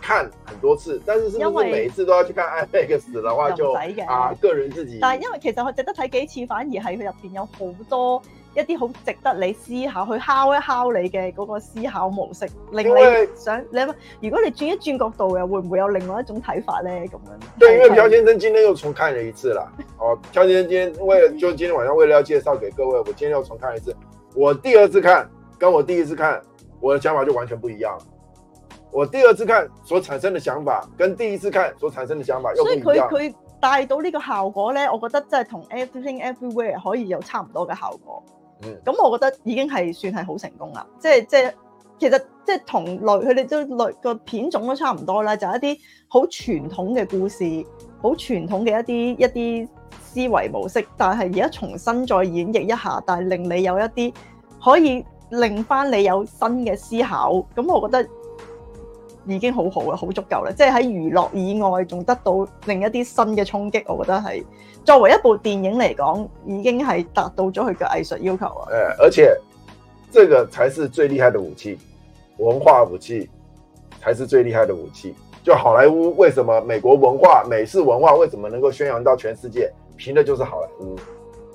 看很多次，但是是不是每一次都要去看《IMAX》的話就的啊個人自己？但因為其實佢值得睇幾次，反而係佢入邊有好多一啲好值得你思考，去敲一敲你嘅嗰個思考模式，令你想為你諗，如果你轉一轉角度嘅，又會唔會有另外一種睇法呢？咁樣對，是因為漂先生今天又重看了一次啦。哦、 啊，漂先生今天為就今天晚上為了要介紹給各位，我今天又重看一次。我第二次看，跟我第一次看，我的想法就完全不一樣了。我第二次看所產生的想法，跟第一次看所產生的想法又唔一樣。所以佢佢帶到呢個效果咧，我覺得真係同《Everything Everywhere》可以有差唔多嘅效果。嗯，咁我覺得已經係算係好成功啦。即係即係，其實即係同類，佢哋都類個片種都差唔多啦。就係一啲好傳統嘅故事，好傳統嘅一啲一啲思維模式，但係而家重新再演繹一下，但係令你有一啲可以令翻你有新嘅思考。咁我覺得。已經好好了，好足夠啦，即係喺娛樂以外仲得到另一啲新嘅衝擊，我覺得係作為一部電影嚟講，已經係達到咗佢嘅藝術要求啊！誒，而且這個才是最厲害嘅武器，文化武器才是最厲害嘅武器。就好萊塢，為什麼美國文化、美式文化為什麼能夠宣揚到全世界，憑嘅就是好萊塢。嗯。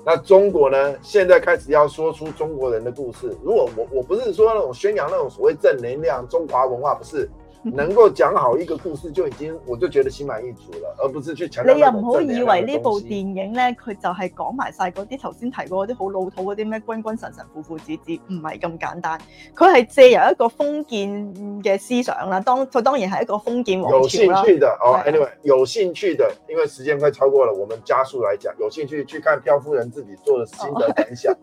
那中國呢？現在開始要說出中國人的故事。如果我我不是說嗰種宣揚，那種所謂正能量，中華文化不是。 能夠講好一個故事就已經，我就覺得心滿意足了，而不是去強調。你又唔好以為呢部電影呢，佢就係講埋晒嗰啲頭先提過啲好老土嗰啲咩君君臣臣、父父子子，唔係咁簡單。佢係借由一個封建嘅思想啦，當佢當然係一個封建王朝。有興趣嘅哦，anyway，有興趣嘅，因為時間快超過了，我們加速來講。有興趣去看《漂夫人》自己做嘅心得感想。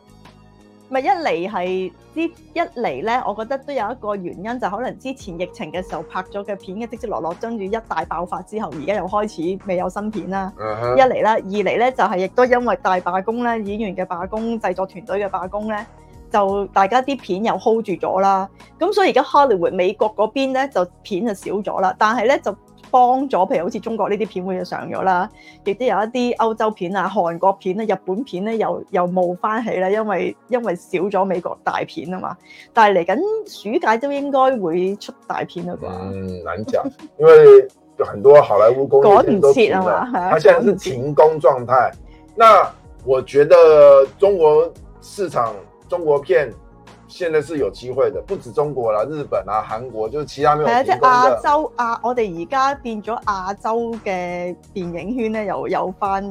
咪一嚟係啲一嚟咧，我覺得都有一個原因，就可能之前疫情嘅時候拍咗嘅片嘅，積積落落，跟住一大爆發之後，而家又開始未有新片啦。Uh huh. 一嚟啦，二嚟咧就係亦都因為大罷工咧，演員嘅罷工、製作團隊嘅罷工咧，就大家啲片又 hold 住咗啦。咁所以而家 Hollywood 美國嗰邊咧就片就少咗啦，但係咧就。幫咗，譬如好似中國呢啲片會就上咗啦，亦都有一啲歐洲片啊、韓國片啊、日本片咧又又冒翻起啦，因為因為少咗美國大片啊嘛，但係嚟緊暑假都應該會出大片啊啩。嗯，難講， 因為有很多好萊塢工廠趕唔切啊嘛。佢現在係停工狀態。那我覺得中國市場中國片。現在是有機會的，不止中國啦，日本啊，韓國，就是其他沒有的。係即係亞洲啊，我哋而家變咗亞洲嘅電影圈呢，又有翻，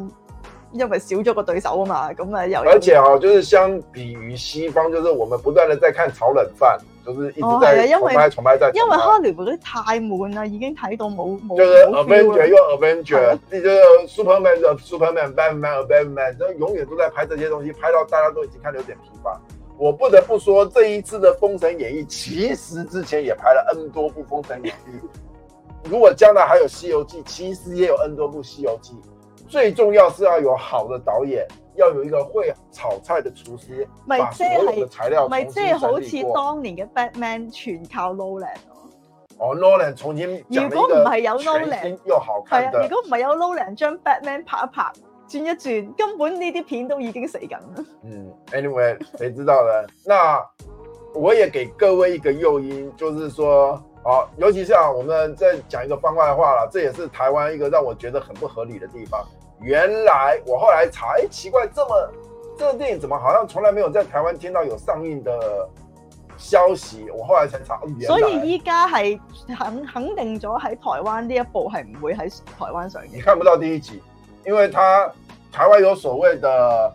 因為少咗個對手啊嘛，咁啊又有。而且啊，就是相比於西方，就是我們不斷地在看炒冷飯，就是一直在重拍、哦、重拍。重拍，重拍因為因為好萊塢都太悶啦，已經睇到冇冇。沒就是 Avenger 又 Avenger，呢個、啊、Superman 又 Superman，Batman 又 Batman，就永遠都在拍這些東西，拍到大家都已經看得有點疲乏。我不得不說，這一次的《封神演義》其實之前也拍了 N 多部《封神演義》。如果將來還有《西遊記》，其實也有 N 多部《西遊記》。最重要是要有好的導演，要有一個會炒菜的廚師，把所有的材料重新處理過、即係、好似當年嘅 Batman 全靠 Nolan、啊哦、Nolan 哦 Nolan 重新，如果唔係有 Nolan 係啊，如果唔係有 Nolan 將 Batman 拍一拍？轉一轉，根本呢啲片都已經死緊了。嗯，anyway，誰知道呢？那我也給各位一個誘因，就是說，好尤其是啊，我們在講一個番外話啦。這也是台灣一個讓我覺得很不合理的地方。原來我後來查，哎，奇怪，這麼，這個電影怎麼好像從來沒有在台灣聽到有上映的消息？我後來才查，原來，所以依家係肯肯定咗喺台灣呢一部係唔會喺台灣上映。你看不到第一集，因為他。台灣有所謂的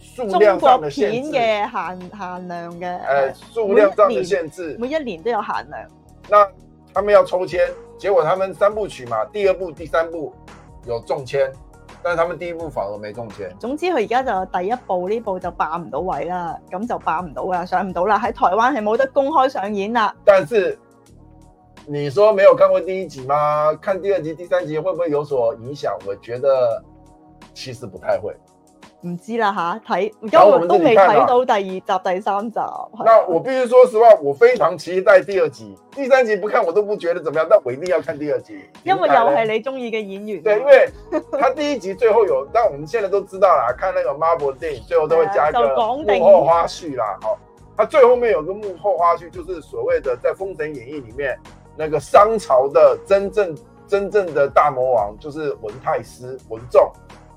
數量上的限制，嘅限限量嘅，欸、數量上的限制，每一年都有限量。那他們要抽籤，結果他們三部曲嘛，第二部、第三部有中籤，但係他們第一部反而沒中籤。總之佢而家就第一部呢部就霸唔到位啦，咁就霸唔到啦，上唔到啦，喺台灣係冇得公開上演啦。但是，你說沒有看過第一集嗎？看第二集、第三集會不會有所影響？我覺得。其實不太會，唔知啦吓、啊，睇因為我哋都未睇到第二集，啊啊、第三集。 那我必須說實話，我非常期待第二集、第三集。不看我都不覺得怎麼樣，但我一定要看第二集，因為又係你中意嘅演員，啊。對，因為他第一集最後有，但 我們現在都知道啦，看那個 Marvel 電影最後都會加一個幕後花絮啦。好 定、哦，他最後面有個幕後花絮，就是所謂的在《封神演義》裏面，那個商朝的真正真正的大魔王就是聞太師聞仲。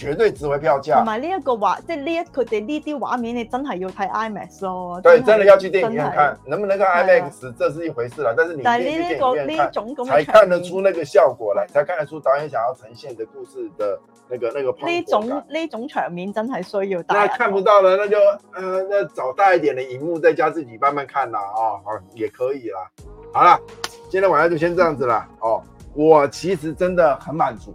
絕對值回票價，同埋呢一個畫，即係呢一佢哋呢啲畫面，你真的要睇 IMAX 咯。哦。對，真，是真的要去電影院看，能不能看 IMAX，這是一回事啦。對但是你真係，這個，去電影院看這種這種才看得出那個效果來，才看得出導演想要呈現的故事的那個那個。那種那種場面真係需要大。那看不到了，那就，誒、呃，那找大一點的熒幕在家自己慢慢看了啊，哦啊，也可以了。好了，今天晚上就先這樣子了哦，我其實真的很滿足。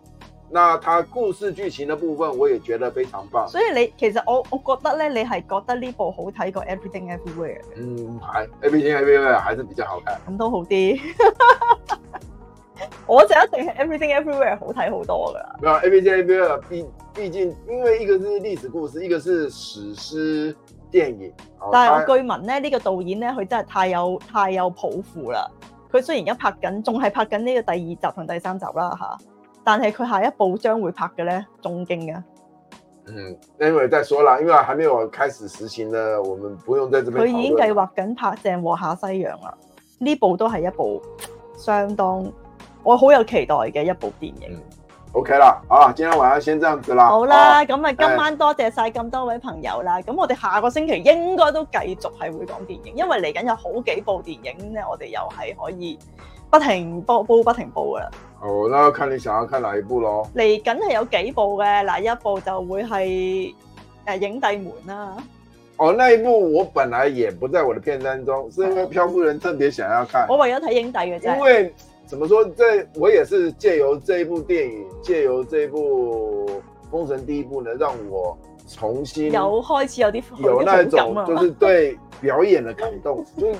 那他故事劇情的部分，我也覺得非常棒。所以你，其實我我覺得咧，你係覺得呢部好睇過 Everything、嗯，還《Everything Everywhere》？嗯，係《Everything Everywhere》還是比較好看，咁都好啲。 我就一定係 Everything《Everything Everywhere》好睇好多噶。冇，《Everything Everywhere》，畢畢竟因為一個是歷史故事，一個是史詩電影。但係我據聞咧，呢、呢個導演咧，佢真係太有太有抱負啦。佢雖然而家拍緊，仲係拍緊呢個第二集同第三集啦，吓。但係佢下一部將會拍嘅咧，仲驚啊。嗯，呢位再說了，因為還沒有開始實行呢，我們不用在這邊。佢已經計劃緊拍《鄭和下西洋》啦，呢部都係一部相當我好有期待嘅一部電影。O K 啦，好，今天晚上先這樣子啦。好啦，咁啊，今晚多謝晒咁多位朋友啦。咁、哎、我哋下個星期應該都繼續係會講電影，因為嚟緊有好幾部電影咧，我哋又係可以不停播、煲不停播噶啦。哦，那要看你想要看哪一部咯。嚟緊係有幾部嘅，嗱，一部就會係誒影帝們啦、啊。哦，那一部我本來也不在我的片單中，是因為漂夫人特別想要看。 我為咗睇影帝嘅啫。因為，怎麼說，這我也是借由這一部電影，借由這一部《封神》第一部呢，能讓我重新有開始有啲有那種，就是對表演的感動。 就是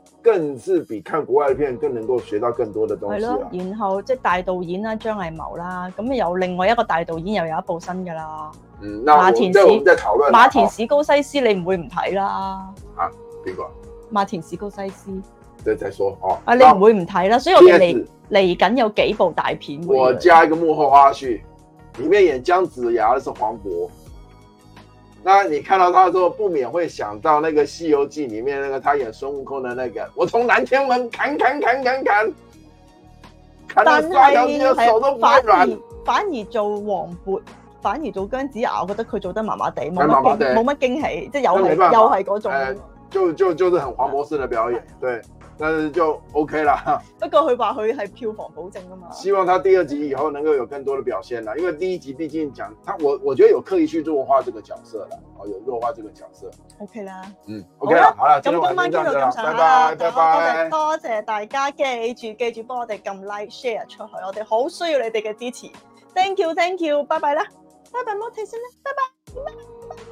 更是比看國外片更能夠學到更多的東西，啊。然後即係大導演，啊、張藝謀啦，張藝謀啦，咁又另外一個大導演又有一部新噶啦。嗯，那我即係我們在討論馬田史高西斯，你唔會唔睇啦？啊，邊個？馬田史高西斯，即係說哦，啊，你唔會唔睇啦？所以我哋嚟緊有幾部大片。我，以我加一個幕後花絮，裏面演姜子牙的是黃渤。那你看到他之後，不免會想到那個《西遊記》裏面那個他演孫悟空的那個。我從南天門砍砍砍砍砍，但係係反而反而做黃渤，反而做姜子牙，我覺得佢做得麻麻地，冇乜驚，冇乜驚喜，即係有又係嗰種。就就就是很黃渤式的表演，對。那就 OK 啦。不過佢話佢係票房保證噶嘛。希望他第二集以後能夠有更多的表現啦。因為第一集畢竟講，他我我覺得有刻意去弱化這個角色啦，哦，有弱化這個角色。OK 啦，嗯，OK 吧啦，好今這了，咁今晚繼續撳下啦，多謝拜拜多謝大家，記住記住幫我哋撳 like share 出去，我哋好需要你哋嘅支持。Thank you，Thank you，拜拜啦，拜拜，m o t i 睇先啦，拜拜。